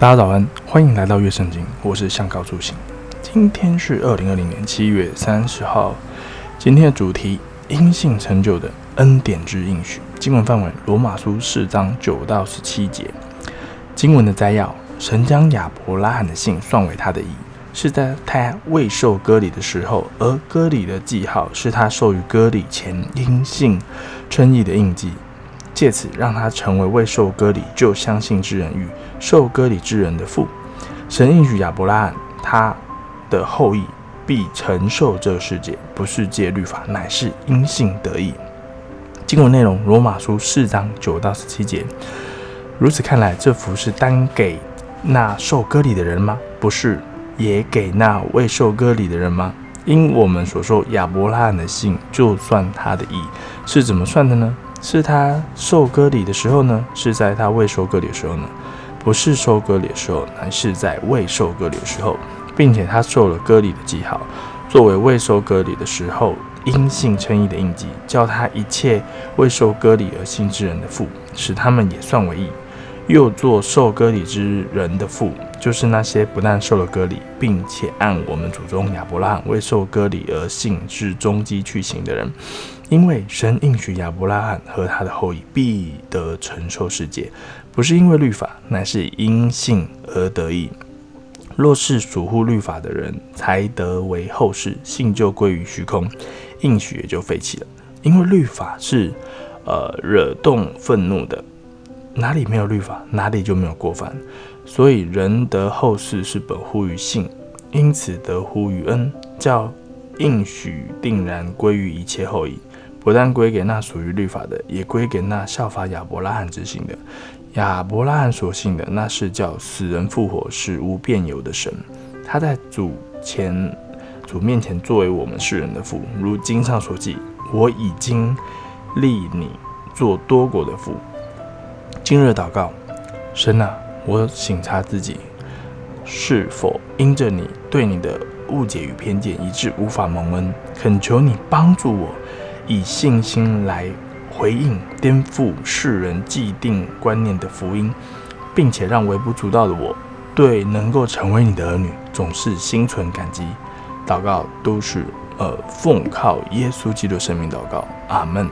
大家早安，歡迎來到樂聖經，我是向高出行。今天是二零二零年七月三十號，今天的主題：因信成就的恩典之應許。經文範圍：羅馬書四章九到十七節。經文的摘要：神將亞伯拉罕的信算為他的義，是在他未受割禮的時候，而割禮的記號是他於受割禮前因信稱義的印記。借此讓他成為未受割禮就相信之人與受割禮之人的父。神應許亞伯拉罕，他的後裔必承受這世界，不是借律法，乃是因信得義。經文內容：羅馬書四章九到十七節，如此看來，這福是單給那受割禮的人嗎？不是，也給那未受割禮的人嗎？因我們所說亞伯拉罕的信，就算他的義，是怎麼算的呢？是他受割禮的時候呢？是在他未受割禮的時候呢？不是受割禮的時候，乃是在未受割禮的時候，並且他受了割禮的記號，作為未受割禮的時候，因信稱義的印記，叫他一切未受割禮而信之人的父，使他們也算為義，又作受割禮之人的父。就是那些不但受了割禮，並且按我們祖宗亞伯拉罕未受割禮而信之蹤跡去行的人。因為神應許亞伯拉罕和他的後裔必得承受世界，不是因為律法，乃是因信而得的義。若是屬乎律法的人才得為後嗣，信就歸於虛空，應許也就廢棄了。因為律法是，呃，惹動憤怒的，哪裡沒有律法，哪裡就沒有過犯。所以人得後世是本乎於信，因此得乎於恩，叫應許定然歸於一切後裔，不但歸給那屬於律法的，也歸給那效法亞伯拉罕之信的。亞伯拉罕所信的，那是叫死人復活，是無變有的神。他在主前，主面前作為我們世人的父。如經上所記，我已經立你做多國的父。今日禱告，神啊。我省察自己，是否因着你對你的誤解與偏見，以致無法蒙恩？懇求你幫助我，以信心來回應顛覆世人既定觀念的福音，並且讓微不足道的我對能夠成為你的兒女，總是心存感激。禱告都是呃，奉靠耶穌基督聖名。禱告，阿門。